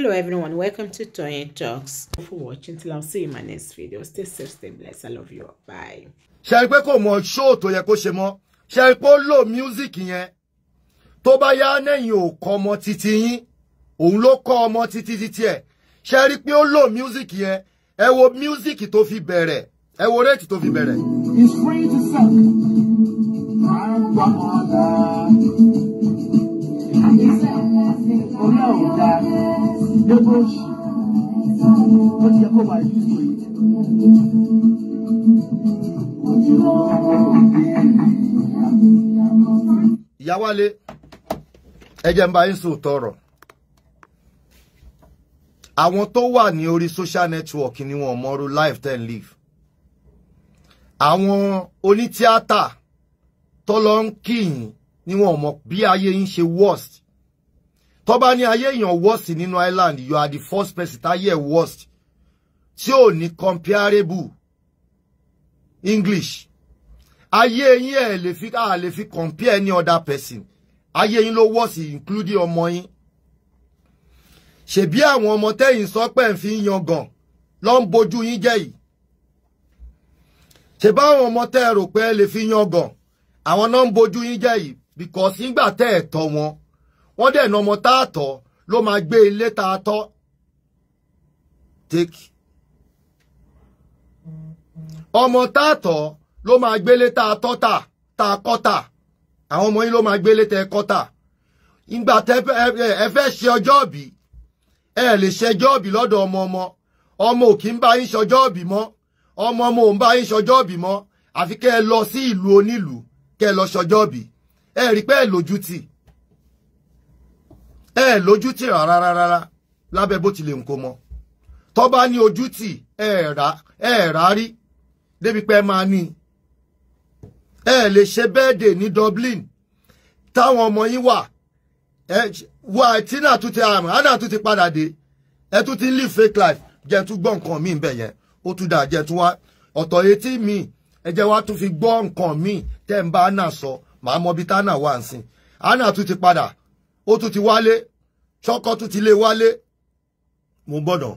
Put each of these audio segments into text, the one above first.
hello everyone welcome to Toyeen Talks Thank you for watching till i'll see you in my next video stay safe stay blessed i love you bye ṣe rí pé kò mọ ṣóò tó yẹ kó ṣe mọ ṣe rí pé ó lò music yẹn tó bá yá nẹ́yìn ò kọ́ ọmọ títí yín òun ló kọ́ ọmọ títí títí ẹ̀ ṣe rí pé ó lò music yẹn ẹ wo music tó fi bẹ̀rẹ̀ ẹ wo réètì tó fi bẹ̀rẹ̀. It's free to epo òṣì ó ti yẹ kó wà ní ìsòyè. ìyá wálé ẹ jẹ́ ń bá yín sòótọ́ ọ̀rọ̀ àwọn tó wà ní orí social network ni wọ́n mọ̀rú life ten live àwọn onítíátà tó lọ ń kíyìn ni wọ́n mọ̀ bí ayé yín ṣe worst tó bá ní ayé èèyàn worst nínú island you are the first person táyé ẹ̀ worst tí ò ní comparable english ayé yín ẹ̀ lè fi ká lè fi compare any other person ayé yín ló worst including ọmọ yín ṣebí àwọn ọmọ tẹ́yìn sọ pé ń fi yan gan ló ń bojú yín jẹ́ yìí ṣe báwọn ọmọ tẹ́ ẹ rò pé ẹ lè fi yan gan àwọn náà ń bojú yín jẹ́ yìí because nígbà tẹ́ ẹ tọ́ wọn wọ́n dẹ̀ na ọmọ táàtọ̀ ló máa gbé ilé táàtọ̀ take ọmọ táàtọ̀ ló máa gbélé táàtọ̀ tà tá a kọ́tà àwọn ọmọ yín ló máa gbélé tẹ kọ́tà ìgbà tẹ ẹ fẹ́ ṣe ọjọ́ ìbí ẹ lè ṣẹjọ́ ìbí lọ́dọ̀ ọmọ ọmọ ọmọ ò kí ń bá yín ṣọjọ́ ìbí mọ́ ọmọ ọmọ ò ń bá yín ṣọjọ́ ìbí mọ́ àfi kẹ́ ẹ lọ sí ìlú onílùú kẹ́ ẹ lọ ṣọjọ́ ìbí ẹ rí pé ẹ lójú ẹ lójú tì rárá rárá lábẹ́ bó tilẹ̀ nǹkó mọ́ tó bá ní ojú tì ẹ rà ẹ rà rí débi pé ẹ máa ní ẹ lè ṣe bẹ́ẹ̀dẹ̀ ní Dublin táwọn ọmọ yín wà ẹ wà tí náà tún ti àmọ́ á tún ti padà dé ẹ tún ti live fake life jẹ́ tún gbọ́ nǹkan míì bẹ̀ yẹn ó tún dà jẹ́ tún wá ọ̀tọ̀ etí míì ẹ jẹ́ wá tún fi gbọ́ nǹkan míì tẹ́ ń bá náà sọ màá mọ ibi tá náà wà ń sìn á tún ti padà ó tún ti wálé ṣọkọ tún ti lé wálé mo gbọ́dọ̀.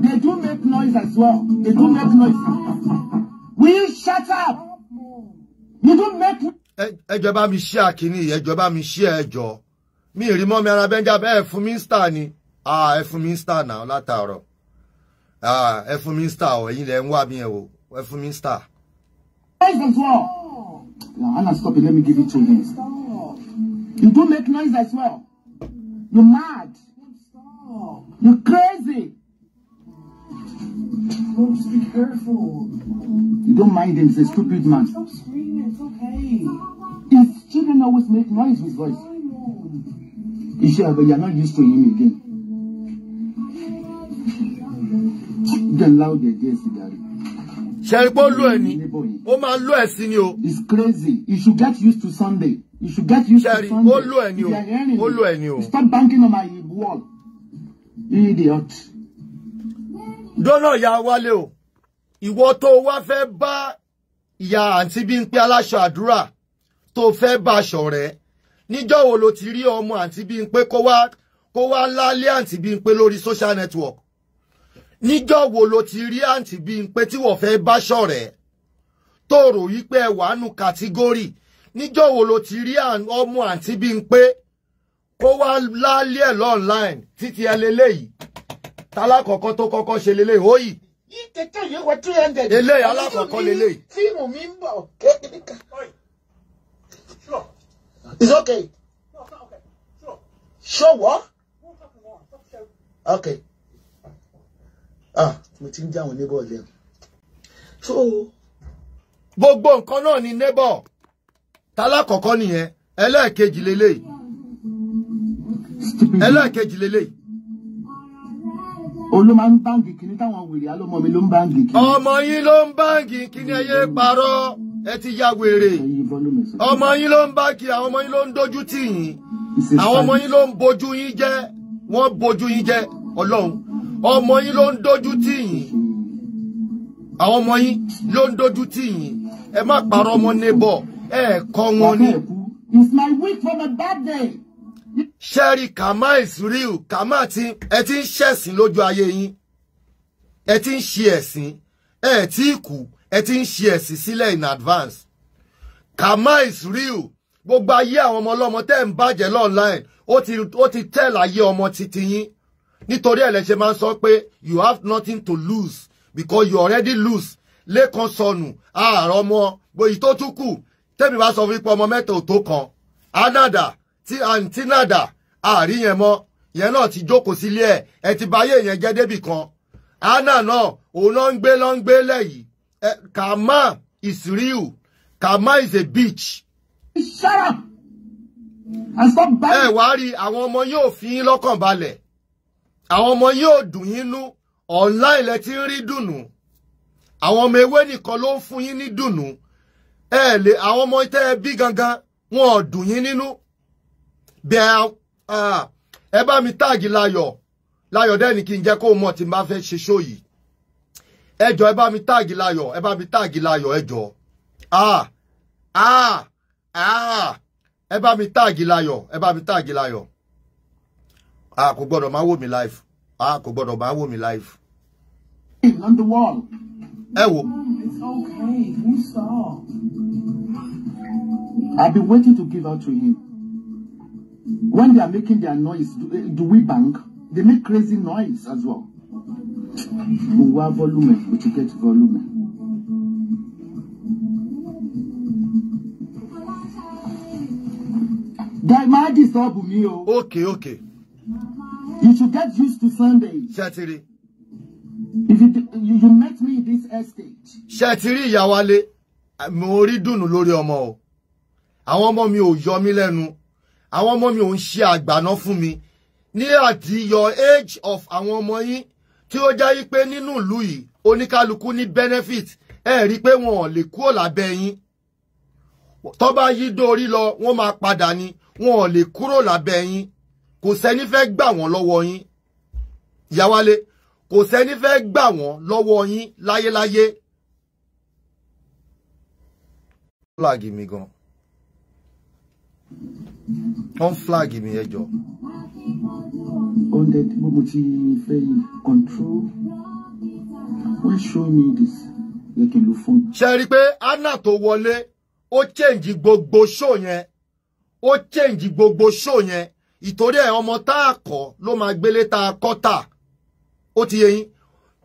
They do make noise as well. They do make noise. Will you shut up? You do make. Ẹjọ́ bá mi ṣí àkíní, ẹjọ́ bá mi ṣí ẹjọ́. Mi ì mi ara bẹ́ńjà bẹ́ẹ̀ fún mínísítà ni ah ẹ fún mi ń star náà látàárọ̀ ah ẹ fún mi ń star ọ̀ ẹ̀yin lẹ̀ ń wá mi ẹ̀ wò ẹ fún mi ń star. Where's Now, Anna, stop it. Let me give you two minutes. You do make noise as well. You mad. You crazy. Don't be careful. You don't mind him. He's a stupid man. Stop screaming. It's okay. His children always make noise with voice. Isha, but you're not used to him again. ṣẹ̀rípọ̀ lú ẹ̀ ni ó máa lú ẹ̀ sí ni o. it's crazy you should get used to Sunday you should get used to Sunday. ṣẹ̀rí ó lú stop banking on my wall idiot. Don't dọ́nà ìyá wálé o ìwọ tó wá fẹ́ bá ìyá àǹtí Bímpé aláṣọ àdúrà tó fẹ́ bá ṣọ̀rẹ́ níjọ́ wo lo ti rí ọmọ àǹtí Bímpé kó wá kó wá lálé àǹtí Bímpé lórí social network níjọ́ wo lo ti rí àǹtí Bímpé tí wọ́n fẹ́ bá ṣọ̀rẹ́ tó rò yí pé ẹ wà nù kàtígórì níjọ́ wo lo ti rí ọmọ àǹtí Bímpé kó wá lálẹ́ ẹ̀ lọ́nláìn títí ẹ lélẹ́yìí tálákọ̀ọ́kọ́ tó kọ́kọ́ ṣe lélẹ́yìí ó yìí kẹ̀kẹ́ yìí wọ three hundred. eléyìí alákọ̀ọ́kọ́ leléyìí. fíìmù mi ń bọ̀ kékeré kan. it's okay. sure what? okay ah mo ti ń já àwọn neighbor lẹ́nu so gbogbo nǹkan náà ni neighbor tálákọ̀ọ́kọ́ nìyẹn ẹlẹ́ẹ̀kejì lélẹ́yìí ẹlẹ́ẹ̀kejì lélẹ́yìí olú máa ń báǹgì kìíní táwọn wèrè alọ́mọ mi ló ń báǹgì kìíní. ọmọ yín ló ń báǹgì kìíní ẹyẹ parọ́ ẹ ti ya wèrè ọmọ yín ló ń báǹgì àwọn ọmọ yín ló ń dojú tì yín àwọn ọmọ yín ló ń bojú yín jẹ́ wọ́n bojú yín jẹ́ ọlọ́run ọmọ yín ló ń dojú tì yín àwọn ọmọ yín ló ń dojú tì yín ẹ má parọ́ ọmọ neighbor ẹ kọ́ wọn ni. It's my week from a bad Sherry Kama is real. Kama ti ẹ ti ń ṣẹ̀sìn lójú ayé yín. Ẹ ti ń ṣe ẹ̀sìn. Ẹ ti kú. Ẹ ti ń ṣe ẹ̀sìn sílẹ̀ in advance. Kama is real. Gbogbo ayé àwọn ọmọ ọlọ́mọ tẹ́ ń bàjẹ́ online. Ó ti ó ti tẹ̀lé ayé ọmọ titi yín nítorí ẹ̀lẹ́ṣẹ̀ máa ń sọ pé you have nothing to lose because you already lose lẹ́kan sọnù àárọ̀ ọmọ bóyí tó tún kù tẹ́mi bá sọ fún ipò ọmọ mẹ́ta ò kan anada ti àǹtí nàdà àárí yẹn mọ́ yẹn náà ti jókòó sílé ẹ̀ ẹ ti báyé yẹn jẹ́ débì kan anna náà òun náà ń gbé náà ń gbé lẹ́yìn kàmá is real kàmá is a bitch. ẹ wá rí àwọn ọmọ yóò fi yín lọ́kàn balẹ̀ àwọn ọmọ yóò dùn yín nú online lẹ ti ń rí dùnú àwọn ọmọ ewé nìkan ló ń fún yín ní dùnú ẹ lè àwọn ọmọ tẹ ẹ bí gangan wọn ò dùn yín nínú bí ẹ bá mi táàgì láyọ̀ láyọ̀ dẹ́ni kí n jẹ́ kó mọ̀ tí n bá fẹ́ ṣe ṣó yìí ẹ bá mi táàgì láyọ̀ ẹ bá mi táàgì láyọ̀ ẹ ah ah ah ẹ bá mi táàgì láyọ̀ ẹ bá mi táàgì láyọ̀ a kò gbọ́dọ̀ máa wò mí live a kò gbọ́dọ̀ máa wò mí live. Hmm, ẹ wò. Hmm, I've been waiting to give out to him. When they are making their noise, do, eh, do we bang? They make crazy noise as well. Uwa volume, we to get volume. Okay, okay. You should get used to Sunday. Shatiri, If you, you, you met me in this estate. Shatiri Yawale, mo rí dùnú lórí ọmọ o. Àwọn ọmọ mi ò yọ mí lẹ́nu. Àwọn ọmọ mi ò ń ṣe àgbàná mi. Ní àti your age of àwọn ọmọ yín tí ó jẹ́ pé nínú ìlú yìí oníkálukú ní benefit ẹ rí i pé wọn ò lè kúrò lábẹ́ yín tó bá yí dórí lọ wọ́n máa ni wọn ò lè kúrò lábẹ́ kò sẹ́ni fẹ́ gbà wọ́n lọ́wọ́ yín yawale. kò sẹ́ni fẹ́ gbà wọ́n lọ́wọ́ yín láyéláyé. flag mi gan wọ́n flag mi ẹ jọ. ọ̀dẹ̀ tí mo ti fẹ́ yìí control wọ́n show me this yẹ kí n lo fún. ṣe rí i pé anna tó wọlé ó change gbogbo show yẹn ó change gbogbo show yẹn ìtorí ẹ̀ ọmọ tá a kọ́ ló máa gbélé tá a kọ́ tà ó ti yẹ yín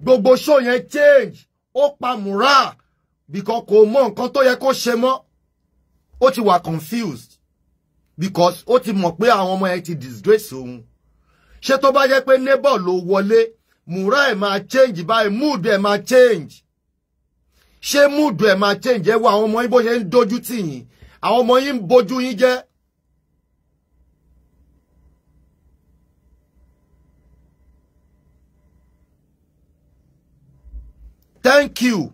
gbogbo show yẹn change ó pa mùrà because kò mọ nǹkan tó yẹ kó ṣe mọ́ ó ti wà confused because ó ti mọ̀ pé àwọn ọmọ yẹn ti disgrace òun ṣé tó bá jẹ́ pé neighbor ló wọlé mùrà ẹ̀ máa change báyìí mood ẹ̀ máa change ṣé mood ẹ̀ máa change ẹ̀ wọ àwọn ọmọ yín bó ṣe ń dojú tì yín àwọn ọmọ yín ń bojú yín jẹ́ thank you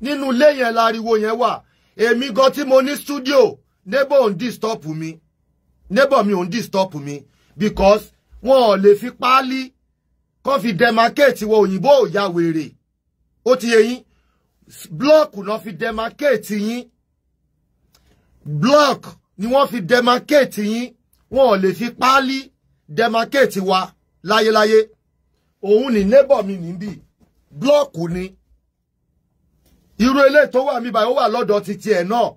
nínú ilé yẹn láriwo yẹn wà èmi gan tí mo ní studio neighbor ò ń disturb mi neighbor mi ò ń disturb mi because wọn ò lè fi páálí kọ́ fi demarcate wọ òyìnbó òya wèrè ó ti yẹ block náà fi demarcate yín block ni wọ́n fi demarcate yín wọn ò lè fi páálí demarcate wa láyéláyé òun ni neighbor mi níbí block ni irú eléyìí tó wà mí báyìí ó wà lọ́dọ̀ títí ẹ̀ náà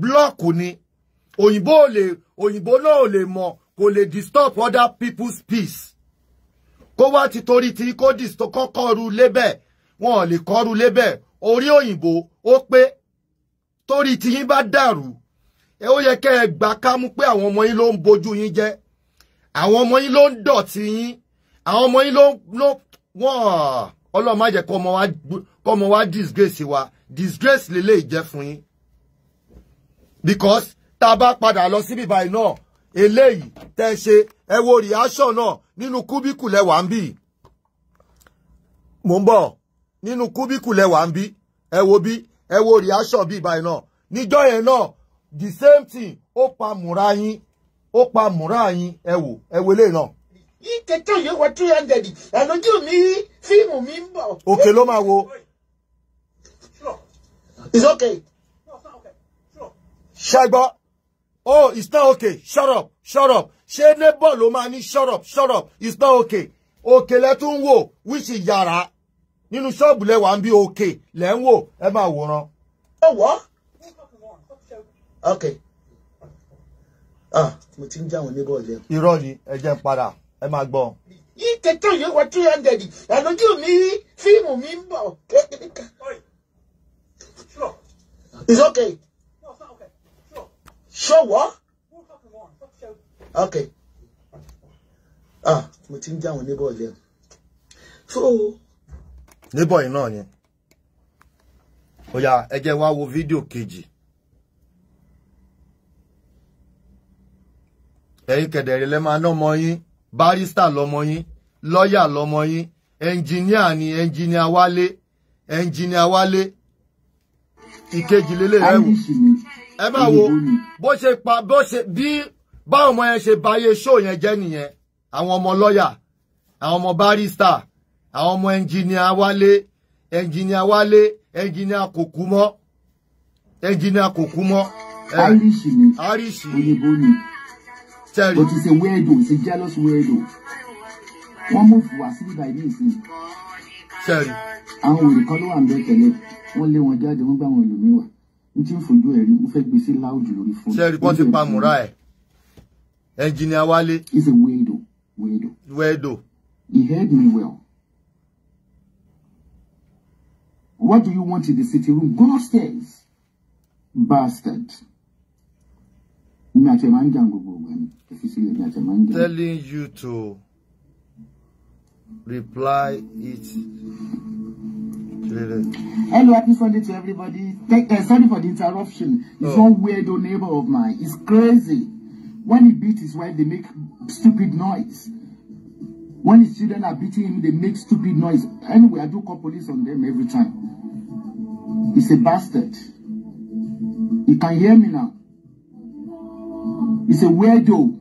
blọ́ọ̀kù ni òyìnbó lè òyìnbó náà lè mọ̀ kò lè disturb other people's peace kó wá ti torí tí kó kọ́kọ́ru lébẹ̀ wọn ò lè kọ́ru lébẹ̀ orí òyìnbó ó pé torí tí yín bá dàrú ẹ ó yẹ kẹ́ ẹ gbà kámú pé àwọn ọmọ yín ló ń bojú yín jẹ́ àwọn ọmọ yín ló ń dọ̀tí yín àwọn ọmọ yín ló ń wọ́n ọlọ́run má ọmọ wa kọ́mọ wa disgrace wa disgrace lele lè jẹ́ fún because tá a bá padà lọ síbi báyìí náà eléyìí tẹ́ ṣe ẹ wo reaction náà nínú kúbíkù lẹ́wà ń bì mò ń bọ̀ nínú kúbíkù lẹ́wà ń bì ẹ wo bí ẹ wo reaction bíi báyìí náà níjọ́ yẹn náà the same thing ó pa múra yín ó pa múra yín ẹ wò ẹ wo eléyìí náà. ìkẹtọ̀ yóò wọ two hundred ẹ̀lójú mi fíìmù mi ń bọ̀. òkè ló máa wo. It's okay. No, it's Oh, it's not okay. Shut up. Shut up. Ṣé neighbor ló máa ní shut up. Shut up. It's not okay. Okay, lẹ tún wò. Which is yàrá. Nínú shop lẹ ń bí okay. Lẹ ń wò. Ẹ máa wòran. Oh, what? Okay. Ah, mo ti ń jáwọn neighbor jẹ. Irọ́ ni ẹ jẹ́ ń padà. Ẹ máa gbọ́. Yí tètè yóò wọ two hundred. Àlójú mi fíìmù mi ń bọ̀ kékeré kan. It's okay. No, it's not okay. Sure. Sure what? Okay. Ah, mo ti ń já àwọn neighbor yẹn. So. Neighbor yìí know, yẹn. Ó yá, ẹ jẹ́ wá wo fídíò kejì. Ẹ̀yin kẹ̀dẹ̀rẹ̀ lẹ́ máa ná ọmọ yín, barista lọmọ yín, lọ́ọ̀yà lọmọ yín, ẹnjìníà ni engineer wale, engineer wale ìkejì lélẹ̀ ẹ wò ẹ bá wo bó ṣe pa bó ṣe bí báwọn ọmọ yẹn ṣe báyé ṣó yẹn jẹ́ nìyẹn àwọn ọmọ lọ́yà àwọn ọmọ barista àwọn ọmọ ẹnjìníà wálé ẹnjìníà wálé ẹnjìníà kò kú mọ́ ẹnjìníà kò kú mọ́ àríṣì ni àríṣì òyìnbó ni o ti ṣe wéèdò ṣe jealous wéèdò wọ́n mú fùwà sí ibà ìlú ìsìn àwọn òrì kan ló wà ń bẹ tẹ́lẹ̀ wọ́n lé wọn jáde wọ́n gbà wọn lómi wà n tí ń fojú ẹ̀rí mo fẹ́ gbé sí láùdù lórí fún mi. sẹ́ẹ̀rì wọ́n ti ẹ̀ ẹnjìnìá wálé. he's a weirdo weirdo. weirdo. he heard me well. what do you want in the city room go upstairs bastard. mi àti ẹ̀ máa ń jà gbogbo ìgbà ni èfi sílẹ̀ mi máa ń jà. telling you to reply it. Hello, happy Sunday to everybody. Thank, uh, sorry for the interruption. It's oh. one weirdo oh, neighbor of mine. It's crazy. When he beats his wife, they make stupid noise. When his children are beating him, they make stupid noise. Anyway, I do call police on them every time. He's a bastard. You can hear me now. He's a weirdo.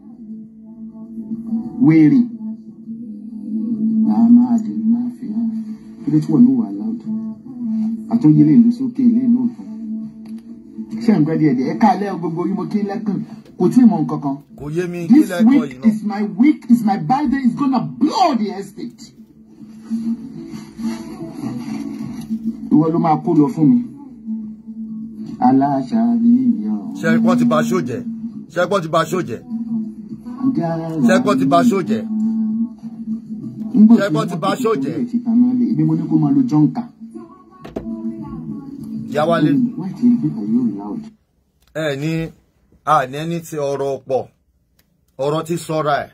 Weary. I'm mad àtúnyẹlẹ ìlú sókè ilé ìlú òfin ṣé nǹkan díẹ̀ díẹ̀ ẹka alẹ́ gbogbo yìí mo kí n lẹ́kàn kò tí ì mọ nǹkan kan. kò yé mi kí lẹ́kọ̀ọ́ yìí náà. this week is my week is my birthday is gonna blow the estate. ìwọ ló máa kó lọ fún mi. aláṣà mi yọ. ṣẹ́kọ́ ti ba ṣó jẹ́ ṣẹ́kọ́ ti ba ṣó jẹ́ ṣẹ́kọ́ ti ba ṣó jẹ́ ṣẹ́kọ́ ti ba ṣó jẹ́. mo ní kó máa lo jọ́ǹkà. Yáwálé hmm, ẹ ní àní ẹni tí ọ̀rọ̀ pọ̀ ọ̀rọ̀ ti sọ́ra ẹ̀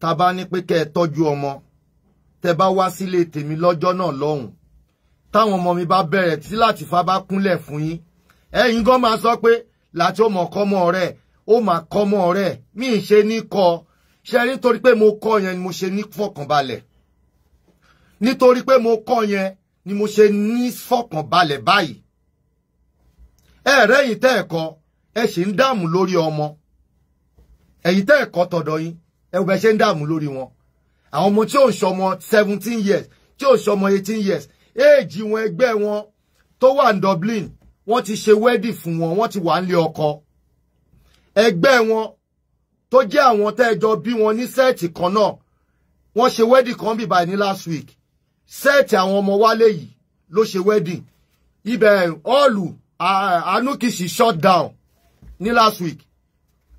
tá a bá ní pé kẹ́ ẹ tọ́jú ọmọ tẹ bá wá sílé tèmi lọ́jọ́ náà lọ́hùn táwọn ọmọ mi bá bẹ̀rẹ̀ tí láti fa bá kúnlẹ̀ fún yín ẹ̀yin gan máa sọ pé láti ó mọ̀ kọ́mọ rẹ̀ ó máa kọ́mọ rẹ̀ mí ì ṣe ní kọ́ ṣe nítorí pé mo kọ́ yẹn ni mo ṣe ní fọkànbalẹ̀ nítorí pé mo kọ́ yẹn ni mo ṣe ní fọkànbalẹ̀ báyìí ẹ̀rẹ́ yìí tẹ́ ẹ̀kọ́ ẹ ṣì ń dààmú lórí ọmọ ẹ̀yìn tẹ́ ẹ̀kọ́ tọ̀dọ̀ yín ẹ wọ́n ṣe ń dààmú lórí wọn àwọn ọmọ tí ò ń ṣọmọ seventeen years tí ò ń ṣọmọ eighteen years éèjì wọn ẹgbẹ́ wọn tó wà ní Dublin wọ́n ti ṣe wẹ́dì fún wọn wọ́n ti wà nílé ọkọ ẹgbẹ́ wọn tó jẹ́ àwọn tẹ́ ẹ jọ bí wọn ní sẹ́ẹ̀tì kan náà wọ́n ṣe wẹ́dì kan bíbáyìí ní last week sẹ́ẹ̀tì àwọn ọmọ wálé yìí ló ṣe wedding ibẹ̀ ọ́ọ̀lù anukishi shut down ní last week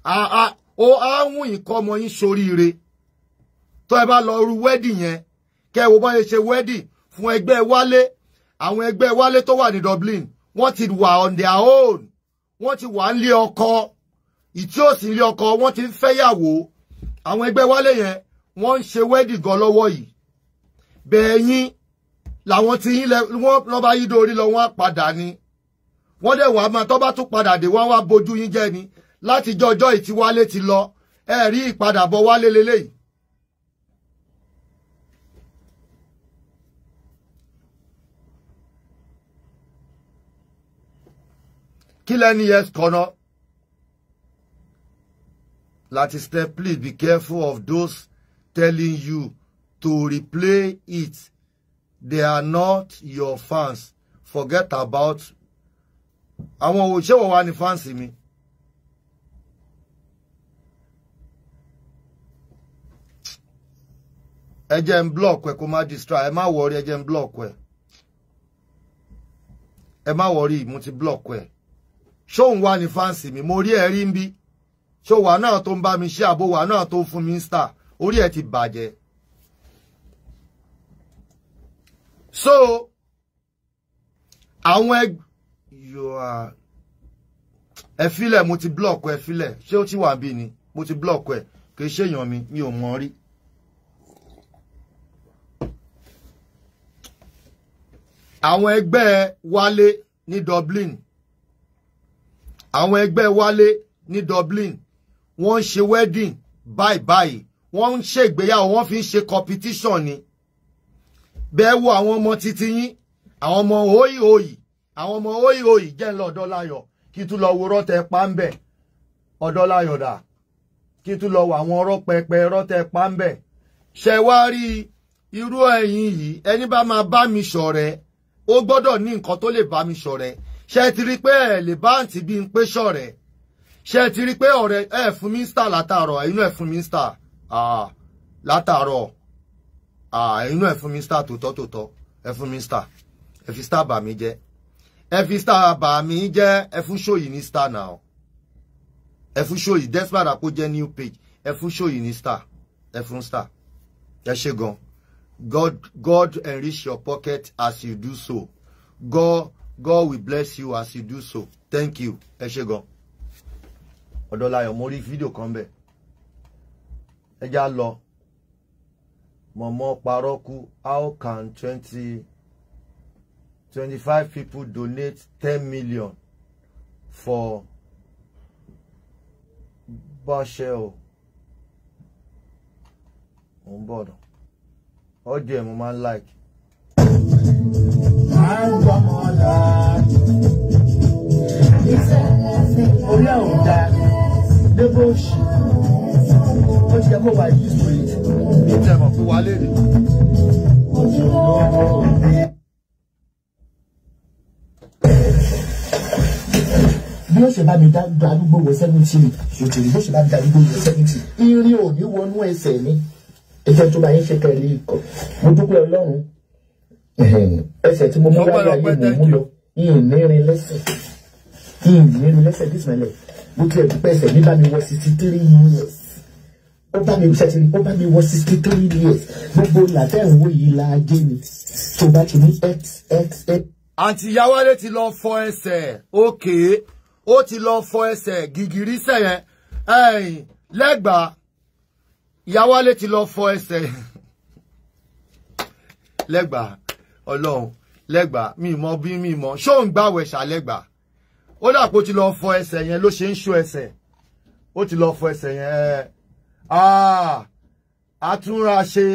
ó áhùn ìkọ́mọ yín soríire tó ẹ bá lọ ru wedding yẹn kẹ́ ẹ wo bá yẹ ṣe wedding fún ẹgbẹ́ wálé àwọn ẹgbẹ́ wálé tó wà ní Dublin wọ́n ti wà on their own wọ́n ti wà nílé ọkọ ìtí òsì nílé ọkọ wọ́n ti ń fẹ́yàwó àwọn ẹgbẹ́ wálé yẹn wọ́n ń ṣe wedding gan lọ́wọ́ yìí bẹ̀ẹ̀yìn làwọn ti yín wọ́n lọ́ba yí dórí lọ wọ́n á padà ni wọ́n dẹ̀ wá máa tọ́ bá tún padà dé wọ́n wá bojú yín jẹ́ ni láti jọ ọjọ́ ìtí wálé ti lọ ẹ rí ìpadàbọ̀ wálé leléyìí. kí lẹ́ni yẹn kọ́nà láti step please be careful of those telling you to replay it. They are not your fans. Forget about I want to show fáǹsì mi. ẹ jẹ́ ń block ẹ kó má destroy ẹ má wọrí ẹ block we. Am I worried? Multi block we. Show one ní fáǹsì mi mo rí ẹ rí ń bí ṣó wà náà tó ń bá mi ṣe àbò so àwọn ẹ yòà ẹ filẹ̀ mo ti block ẹ filẹ̀ ṣé ó ti wà bí ni mo ti block ẹ kì í ṣèyàn mi mi ò mọ̀ rí. àwọn ẹgbẹ́ wálé ní Dublin àwọn ẹgbẹ́ wálé ní Dublin wọ́n ń ṣe wedding báyìí báyìí wọ́n ń ṣègbéyàwó wọ́n fi ń ṣe competition ni bẹ́ẹ̀ wo àwọn ọmọ titi yín àwọn ọmọ òyì òyì àwọn ọmọ òyì òyì jẹ́ ńlọ ọ̀dọ́láyọ̀ kí tún lọ wo rọ́tẹ pa ń bẹ̀ ọ̀dọ́láyọ̀ dà kí tún lọ wo àwọn ọ̀rọ̀ pẹpẹ rọ́tẹ pa ń bẹ̀ ṣẹ wá rí irú ẹ̀yin yìí ẹni bá máa bá mi ṣọ̀rẹ́ ó gbọ́dọ̀ ní nǹkan tó lè bá mi ṣọ̀rẹ́ ṣe ti rí pé ẹ lè bá àǹtí bí n pé ṣọ̀rẹ́ ṣe ti rí pé ọ̀rẹ́ ẹ fún mínísítà látàárọ̀ inú ẹ fún mínísítà ah, látàárọ̀ Ah, inú ẹ fún mi star tòótọ́ tòótọ́ ẹ fún mi star ẹ fi star bà mí jẹ́ ẹ fi star bà mí jẹ́ ẹ fún ṣòyí ní star náà ẹ fún ṣòyí despite àpò jẹ́ new page ẹ fún ṣòyí ní star ẹ fún star ẹ ṣe gan God God enrich your pocket as you do so God God will bless you as you do so thank you ẹ ṣe gan ọ̀dọ́layọ̀ mo rí fídíò kan bẹ̀ ẹ já lọ. Momo Paroku, how can 20, 25 people donate 10 million for Bashel? Mo ń bọ̀ dàn. Ọjọ́ like. Máa ń gbọ́ mọ́ ọ̀la. Orí àwọn ọ̀dà, débò òṣì, ó ti jẹ́ kó kù wá lẹ́nu. bí ó ṣe bá mi da arúgbó wọ seventy ṣòtì bí ó ṣe bá mi da arúgbó wọ seventy irin ò wọnú ẹsẹ̀ mi ẹjọ́ tó bá yín ṣe tẹ̀lé ikọ̀ mo dúpẹ́ ọlọ́run ẹsẹ̀ tí mo mú láyé ayé mo mú lọ ìnírin lẹ́sẹ̀ ìnírin lẹ́sẹ̀ dísìmẹ́lẹ̀ mo tilẹ̀ dúpẹ́ ẹsẹ̀ mi bá mi wọ sixty three years ó bá mi ṣẹ̀ṣẹ̀ ó bá mi wọ sixty three years gbogbo làtẹ̀wò yìí la mi tó bá ti ní x x x. àǹtí Yáwálé ti lọ fọ ẹsẹ̀ òkè ó ti lọ fọ ẹsẹ̀ gìgìrì sẹ̀yẹn ẹ̀yìn lẹ́gbàá Yáwálé ti lọ fọ ẹsẹ̀ lẹ́gbàá ọlọ́run lẹ́gbàá mi mọ bí mi mọ ṣó ń gbàwẹ̀ ṣàlẹ́gbàá ó dàpọ̀ ti lọ fọ ẹsẹ̀ yẹn ló ṣe ń ṣó ẹsẹ̀ ó ti lọ fọ ẹsẹ̀ yẹn ẹ̀ẹ́ àtúnra ah, ṣe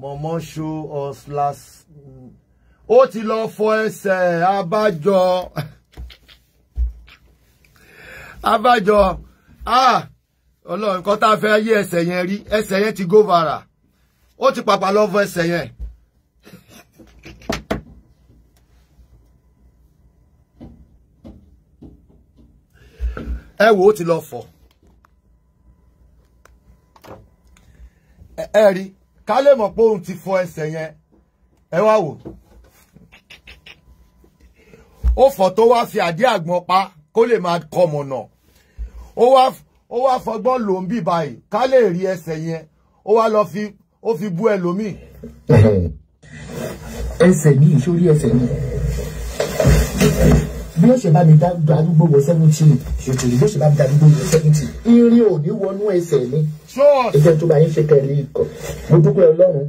mọ̀mọ́ show us last ó ti lọ fọ ẹsẹ̀ abájọ abájọ ah, ọlọ́run nǹkan tá a fẹ́ yí ẹsẹ̀ yẹn rí ẹsẹ̀ yẹn ti go viral ó ti pàpà lọ fọ ẹsẹ̀ yẹn. ẹ wo ó ti lọ fọ. ẹ rí ká lè mọ̀ pé òun ti fọ ẹsẹ̀ yẹn ẹ wá wò ó fọ tó wá fi àdí àgbọn pa kó lè máa kọmọ̀nà ó wá ó wá fọgbọ́n lò ń bì báyìí ká lè rí ẹsẹ̀ yẹn ó wá lọ fi ó fi bú ẹlòmíì. ẹsẹ̀ mi ìṣórí ẹsẹ̀ mi bí ó ṣe bá mi darúgbó wọ seventeen ṣètò bí ó ṣe bá mi darúgbó wọ seventeen irin ò ní wọnú ẹsẹ̀ mi ẹgbẹ́ tó bá yín ṣe tẹ̀lé ikọ̀ mo dúpẹ́ ọlọ́run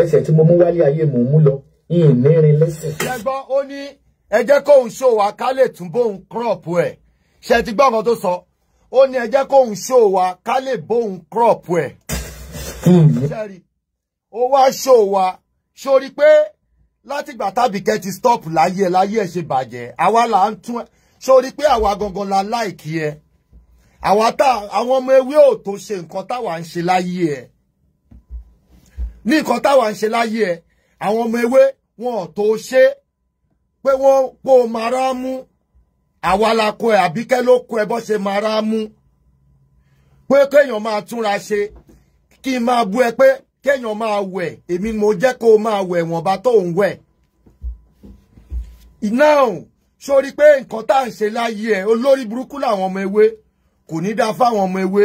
ẹsẹ̀ tí mo mú wálé ayé mò ń mú lọ yìnyín mẹ́rin lẹ́sẹ̀. ẹ̀gbọ́n ó ní ẹ jẹ́ kóun ṣó wa ká lè tún bóun crop ẹ̀ ṣe ti gbọ́ nǹkan tó sọ ó ní ẹ jẹ́ kóun ṣó wa ká lè bóun crop ẹ̀. Hmm. ó wá ṣó wa sórí pé látìgbà tábìkẹ́ ti stop láyé ẹ láyé ẹ ṣe bàjẹ́ àwa là ń tún ẹ sórí pé àwa gangan la láìkí ẹ àwa tá àwọn ọmọ ewé ò tó ṣe nǹkan táwa ń ṣe láyé ẹ ní nǹkan táwa ń ṣe láyé ẹ àwọn ọmọ ewé wọn ò tó ṣe pé wọ́n pò mara mú àwa la kọ ẹ àbíkẹ́ ló kọ ẹ bọ́ ṣe mara mú pé kéèyàn máa túnra ṣe kí n máa bú ẹ pé kéèyàn máa wẹ̀ èmi mo jẹ́ kó o máa wẹ̀ wọ̀nba tó ń wẹ̀. now sórí pé nǹkan tá à ń ṣe láyé ẹ̀ olórí burúkú làwọn ọmọ ewé kò ní dáa fáwọn ọmọ ewé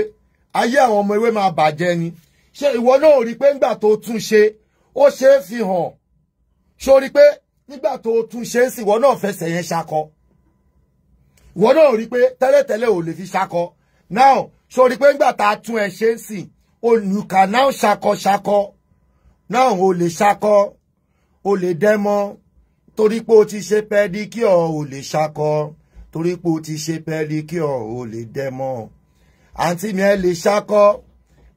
ayé àwọn ọmọ ewé máa bàjẹ́ ni ṣé ìwọ náà rí i pé nígbà tó tún ṣe ó ṣe é fi hàn sórí pé nígbà tó tún ṣe é sì ìwọ náà fẹsẹ̀ yẹn ṣakọ ìwọ náà rí i pé tẹ́lẹ̀tẹ́lẹ̀ ò lè fi ṣakọ now sórí pé nígbà tá a tún ẹ ṣe é sìn you can now ṣakọ ṣakọ náà o lè ṣakọ o lè dẹmọ torí pé o ti ṣe pẹ́díkíọ̀ o lè ṣakọ torí pé o ti ṣe pẹ́díkíọ̀ o lè dẹmọ àǹtí mi ẹ lè ṣakọ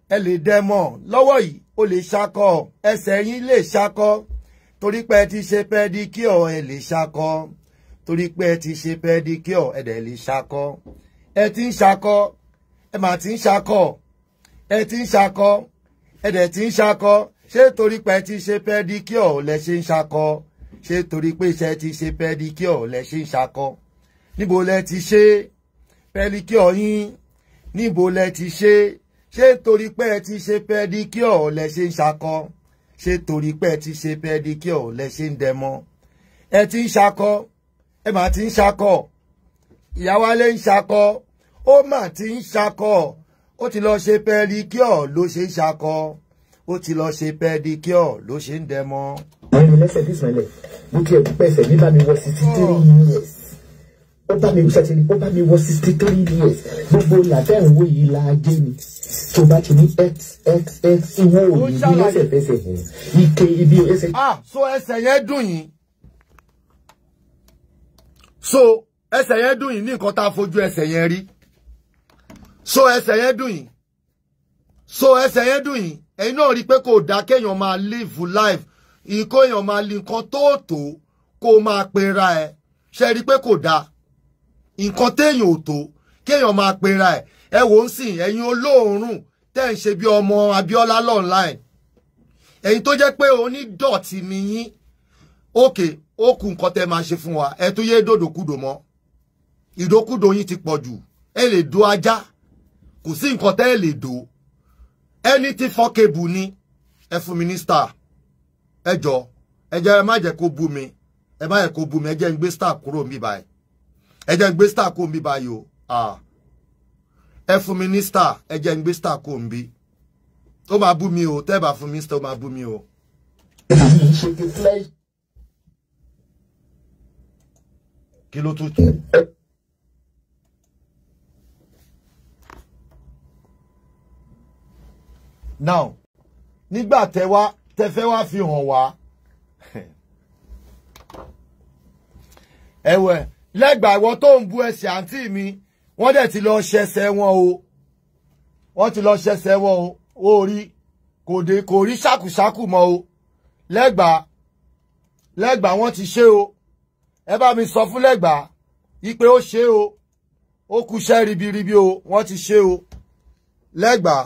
ẹ lè dẹmọ lọ́wọ́ yìí o lè ṣakọ ẹsẹ̀ yín lè ṣakọ torí pé ẹ ti ṣe pẹ́díkíọ̀ ẹ lè ṣakọ torí pé ẹ ti ṣe pẹ́díkíọ̀ ẹ dẹ̀ lè ṣakọ ẹ ti ń ṣakọ ẹ mà ti ń ṣakọ ẹ ti ń ṣakọ ẹ dẹ̀ ti ń ṣakọ ṣé torí pé ẹ ti ṣe pẹ́díkíọ̀ lẹ ṣe ń ṣakọ ṣé torí pé ṣe ti ṣe pẹ́díkíọ̀ lẹ ṣe ń ṣakọ níbo lẹ ti ṣe pẹ́díkíọ̀ yín níbo lẹ ti ṣe ṣé torí pé ẹ ti ṣe pẹ́díkíọ̀ lẹ ṣe ń ṣakọ ṣé torí pé ẹ ti ṣe pẹ́díkíọ̀ lẹ ṣe ń dẹmọ ẹ ti ń ṣakọ ẹ mà ti ń ṣakọ ìyàwó ń ṣakọ ó mà ti ń ṣakọ ó ti lọ ṣe pẹ́ẹ́díkíọ̀ ló ṣe ń ṣakọ ó ti lọ ṣe pẹ́ẹ́díkíọ̀ ló ṣe ń dẹmọ. àwọn ọmọ lẹ́sẹ̀ bí ìsànlẹ̀ mo ti ẹ̀kú pẹ̀sẹ̀ mi bá mi wọ sixty three oh. years ó bá mi ṣàti ó bá mi wọ sixty three years gbogbo làbẹ́rùn wo yìí la gé mi tó bá ti ní xxx iwọ òní ní lẹ́sẹ̀ fẹsẹ̀ yẹn ike ibi ẹsẹ̀. ah so ẹsẹ̀ yẹn dùn yín so ẹsẹ̀ yẹn dùn yín ní nǹkan tá a fojú ẹsẹ̀ yẹn rí so ẹsẹ̀ yẹn dùn yín so ẹsẹ̀ yẹn dùn yín ẹ̀yin náà rí i pé kò dáa kéèyàn máa live life ìkó èèyàn máa li nǹkan tó tó kó máa pera ẹ ṣe rí i pé kò dáa nǹkan téèyàn ò tó kéèyàn máa pera ẹ ẹ wò ó sìn ẹ̀yin olóòórùn tẹ́ ń ṣe bí ọmọ Abíọ́lá online ẹ̀yin tó jẹ́ pé onídọ̀tí ni yín òkè ó kù nǹkan tẹ́ máa ṣe fún wa ẹ tó yé dòdòkúdò mọ́ ìdókúdò yín ti pọ̀ jù ẹ lè do ajá kò sí nǹkan tẹ́ ẹ lè dò ẹni tí fọ́kébù ni ẹ fún mi ní star ẹ jọ ẹ jẹ ẹ má jẹ kó bú mi ẹ má jẹ kó bú mi ẹ jẹ́ ń gbé star kúrò mi báyìí ẹ jẹ́ ń gbé star kúrò mi báyìí o ẹ fún mi ní star ẹ jẹ́ ń gbé star kúrò mi ó máa bú mi o tẹ́ bá fún mi ó máa bú mi o. kí ló tún tún. now nígbà tẹ wá tẹ fẹ́ wá fi hàn wá ẹ̀wẹ̀ lẹ́gbàá ìwọ tó ń bu ẹsẹ̀ àǹtí mi wọ́n dẹ̀ ti lọ ṣẹṣẹ wọn o wọ́n ti lọ ṣẹṣẹ wọn o ó rí kò dé kò rí ṣàkùṣàkù mọ́ o lẹ́gbàá lẹ́gbàá wọ́n ti ṣe o ẹ bá mi sọ fún lẹ́gbàá yí pé ó ṣe o ó kúṣẹ́ ribiribi o wọ́n ti ṣe o lẹ́gbàá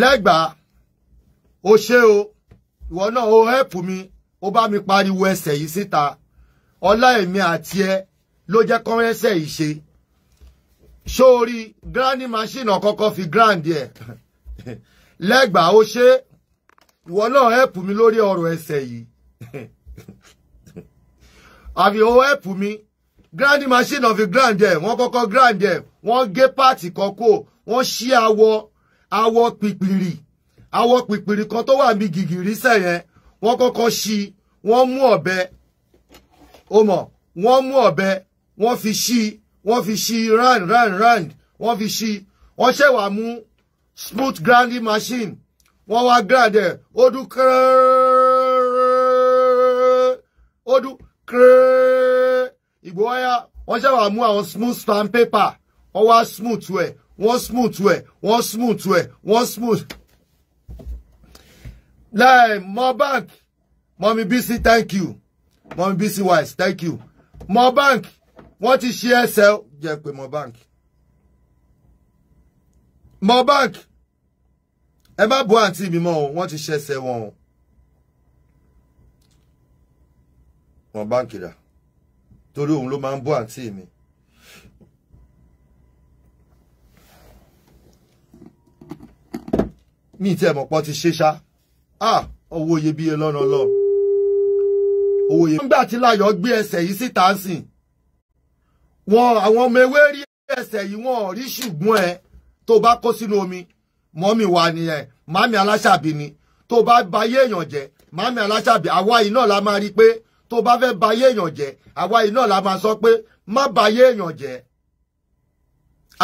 lẹ́gbàá o ṣé o ìwọ náà o help mi o bá mi pariwo ẹsẹ̀ yìí síta ọlá èmi àti ẹ ló jẹ́ kọ́rẹ́sẹ̀ yìí ṣe sórí granny machine ọ̀kọ́kọ́ fi grand ẹ̀ lẹ́gbàá o ṣé ìwọ náà help mi lórí ọ̀rọ̀ ẹsẹ̀ yìí àfi o help mi granny machine of grand ẹ̀ wọ́n kọ́kọ́ grand ẹ̀ wọ́n gé páàtì kan kó wọ́n ṣí awọ awọ pìpìrì awọ pìpìrì kan tó wà bí gìgìrísẹ̀ yẹn wọ́n kọ́kọ́ ṣí wọ́n mú ọ̀bẹ o mọ̀ wọ́n mú ọ̀bẹ wọ́n fi ṣí wọ́n fi ṣí round round round wọ́n fi ṣí wọ́n ṣẹ̀wà mú smooth grinding machine wọ́n wá grind ẹ̀ ó dún kẹ́rẹ́rẹ́rẹ́ ó dún kẹ́rẹ́rẹ́ ìgbówáyà wọ́n ṣẹ̀wà mú àwọn smooth stamp paper wọ́n wá smooth ẹ̀ wọ́n smooth ẹ̀ wọ́n smooth ẹ̀ wọ́n smooth. láì bank, mọ̀mí Bísí thank you mọ̀mí Bísí wise thank you Mobank wọ́n ti ṣe ẹsẹ̀ jẹ́ pé Mobank Mobank ẹ bá bọ́ àǹtí mi mọ́ o wọ́n ti ṣe ẹsẹ̀ wọn o Mobank dà torí òun ló máa ń bọ́ àǹtí mi. mi ti ẹ̀ mọ̀ pọ́ ti ṣe ṣá owó iyebíye lọ́nà ọlọ́run owó iyebíye. nígbà tí Láyọ̀ gbé ẹsẹ̀ yìí síta sìn wọn àwọn ọmọ ewé rí ẹsẹ̀ yìí wọn ò rí ṣùgbọ́n ẹ tó bá kó sínú omi mọ́mì wa nìyẹn màmí aláṣàbí ni tó bá bayé èèyàn jẹ́ màmí aláṣàbí àwa yìí náà la máa rí i pé tó bá fẹ́ bayé èèyàn jẹ́ àwa yìí náà la máa sọ pé má bayé èèyàn jẹ́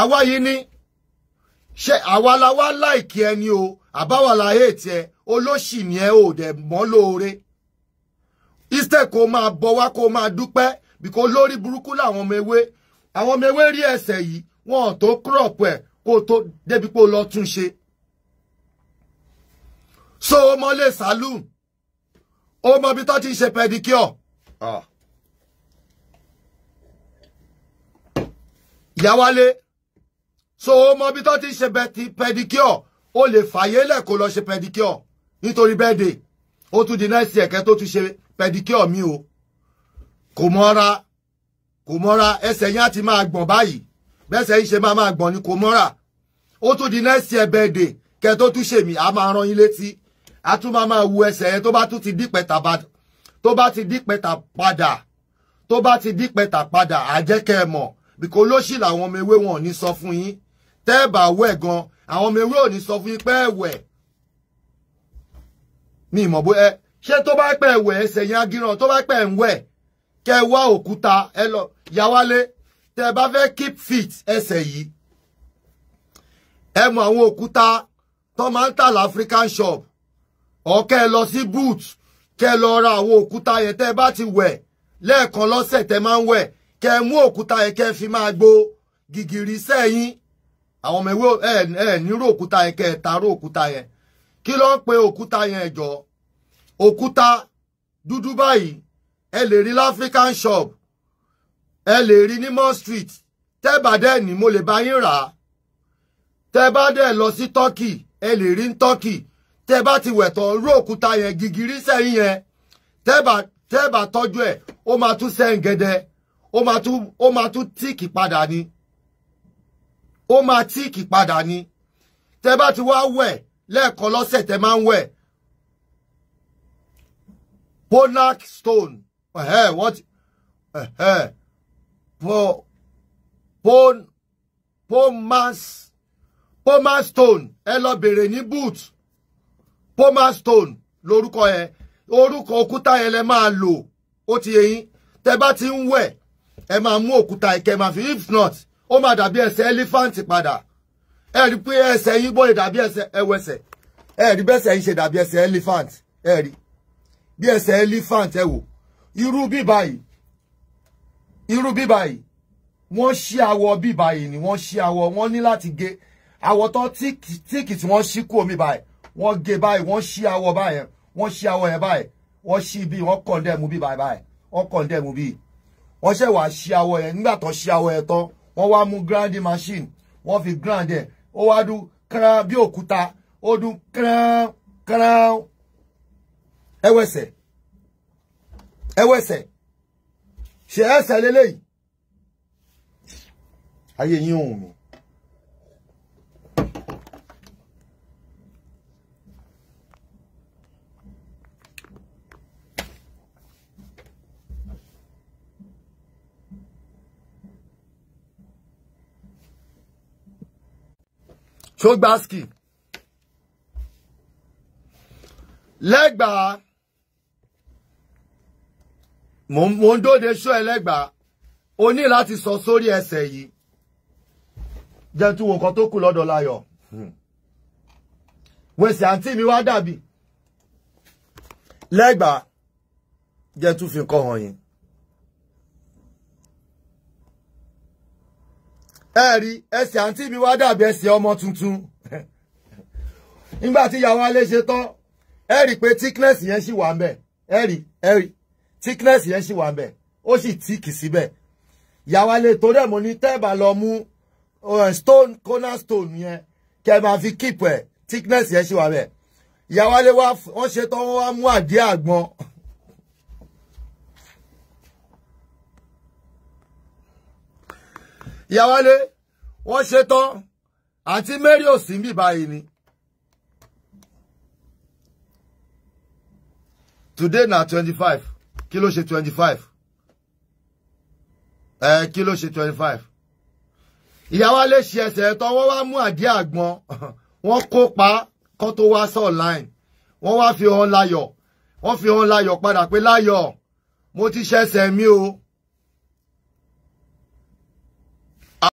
àwa yìí ni ṣe àwa la wá láìkí ẹni o àbáwọlá èètì ẹ olóṣì ni ẹ ò dẹ̀ mọ́ lóore instead kó máa bọ̀ wá kó máa dúpẹ́ bìkó lórí burúkú làwọn ọmọ ewé àwọn ọmọ ewé rí ẹsẹ̀ yìí wọn tó crop ẹ̀ kó tó débi pé ó lọ tún ṣe so ọmọlé saloon ó mọ ibi tó ti ń ṣe pedicure. Ah. so ó mọ ibi tó ti ń ṣe pedicure o lè fàyè lẹ̀ kó lọ ṣe pedicure nítorí birthday ó tún di next year kẹ́ tó tún ṣe pedicure mi o kò mọ́ra kò mọ́ra ẹsẹ̀ yẹn á ti máa gbọ̀n báyìí bẹ́sẹ̀ yìí ṣe máa máa gbọ̀n ni kò mọ́ra ó tún di next year birthday kẹ́ tó tún ṣe mí a máa ran yín létí a tún máa máa wu ẹsẹ̀ yẹn tó bá tún ti dípẹ̀tà padà tó bá ti dípẹ̀tà padà tó bá ti dípẹ̀tà padà mọ̀ bìkó lóṣì làwọn ọmọ ewé wọn ò ní sọ fún yín tẹ́ẹ̀bà wẹ̀ gan-an àwọn ọmọ ewúrẹ́ ò ní sọ fún yín pé ẹ̀wẹ̀ ní ìmọ̀ bó ẹ ṣé tó bá pẹ́ ẹ̀wẹ̀ ẹsẹ̀ yẹn agíran tó bá pẹ́ ẹ̀wẹ̀ kẹ wá òkúta ẹ lọ yà wálé tẹ bá fẹ́ keep fit ẹsẹ̀ yìí ẹ mọ àwọn òkúta tó máa ń tà láfrican shop ọ̀kẹ́ lọ sí boot kẹ lọ ra àwọn òkúta yẹn tẹ bá ti wẹ̀ lẹ́ẹ̀kan lọ́sẹ̀ tẹ máa ń wẹ̀ kẹ mú òkúta yẹn kẹ fi máa gbo gìgìrì sẹ́yìn àwọn ọmọ ewé ẹ ẹ nírò òkúta yẹn kẹ ẹ taaró òkúta yẹn kí ló ń pe òkúta yẹn jọ òkúta dúdú báyìí ẹ lè rí láfrican shop ẹ lè rí ní mall street tẹ́ bá dẹ̀ ní mo lè bá yín rà á tẹ́ bá dẹ̀ lọ sí turkey ẹ lè rí ní turkey tẹ́ bá ti wẹ̀tọ̀ rú òkúta yẹn gìgìrí sẹ́yìn yẹn tẹ́ bá tẹ́ bá tọ́jú ẹ̀ ó máa tún sẹ́ǹgẹ̀dẹ̀ ó máa tún ó máa tún tíìkì padà ni ó máa tíìkì padà ni tẹ bá ti wá wẹ̀ lẹ́ẹ̀kan lọ́sẹ̀ tẹ máa ń wẹ̀ ponak stone ẹ̀hẹ́ wọ́n ti ẹ̀hẹ́ pon pomas pomas stone ẹ lọ bèrè ní boot pomas stone lórúkọ yẹn orúkọ òkúta yẹn lẹ máa lò ó ti yẹ yín tẹ bá ti ń wẹ̀ ẹ máa mú òkúta yẹn kẹ máa fi if not ó máa dàbí ẹsẹ̀ ẹlífáǹtì padà ẹ rí pé ẹsẹ̀ yín bóyá dàbí ẹsẹ̀ ẹwẹsẹ̀ ẹ rí bẹ́sẹ̀ yín ṣe dàbí ẹsẹ̀ ẹlífáǹtì ẹ rí bí ẹsẹ̀ ẹlífáǹtì ẹ wò irú bíbá yìí irú bíbá yìí wọ́n ṣí awọ bíbá yìí ni wọ́n ṣí awọ wọ́n ní láti gé awọ tó tíìkì tí wọ́n ṣí kú omi báyìí wọ́n gé báyìí wọ́n ṣí awọ báyìí wọ́n ṣí awọ yẹn báyìí wọ́n ṣí bí wọ́n kọ̀ndẹ̀mù bí báyìí báyìí wọ́n kọ̀ndẹ̀mù bí wọ́n ṣẹ̀ ṣí awọ yẹn nígbà tó ṣí awọ yẹn tán wọ́n wá mú grinding machine wọ́n fi grind ẹ̀ ó wá dún kran bí òkúta ó dún kran kran ẹwẹsẹ̀ ẹwẹsẹ̀ ṣe ẹsẹ̀ lélẹ́yìí ayé yín òun mi. Chogbaski lẹ́gbàá mo ń dóde ṣó ẹlẹ́gbàá o ní láti sọ sórí ẹsẹ̀ yìí jẹ́ tún wo nǹkan tó kù lọ́dọ̀ láyọ̀ hmm. wẹ̀sẹ̀ àǹtí mi wá dàbí lẹ́gbàá jẹ́ tún fi nǹkan ẹ rí ẹsẹ̀ àǹtí mi wá dàbí ẹsẹ̀ ọmọ tuntun nígbà tí ìyàwó alẹ́ ṣe tán ẹ pé thickness yẹn ṣì wà ń bẹ̀ ẹ rí thickness yẹn ṣì wà ń bẹ̀ ó sì tíìkì síbẹ̀ ìyàwó alẹ́ tó dẹ̀ mo ní tẹ́ẹ̀bà lọ mú eh, stone corner stone yẹn kẹ́ máa fi kíìpù ẹ̀ thickness yẹn ṣì wà ń bẹ̀ ìyàwó alẹ́ wọ́n ṣe tán wọ́n wá mú àdí àgbọn. ìyáwálé wọ́n ṣe tán àti mary ò sí níbí báyìí ni. today na twenty five kí ló ṣe twenty five ẹ kí ló ṣe twenty five ìyáwálé ṣe ẹsẹ̀ tán wọ́n wá mú àdí àgbọn wọ́n kópa kán tó wá sọ online wọ́n wá fi hàn láyọ̀ wọ́n fi hàn láyọ̀ padà pé láyọ̀ mo ti ṣẹ̀ṣẹ̀ mi o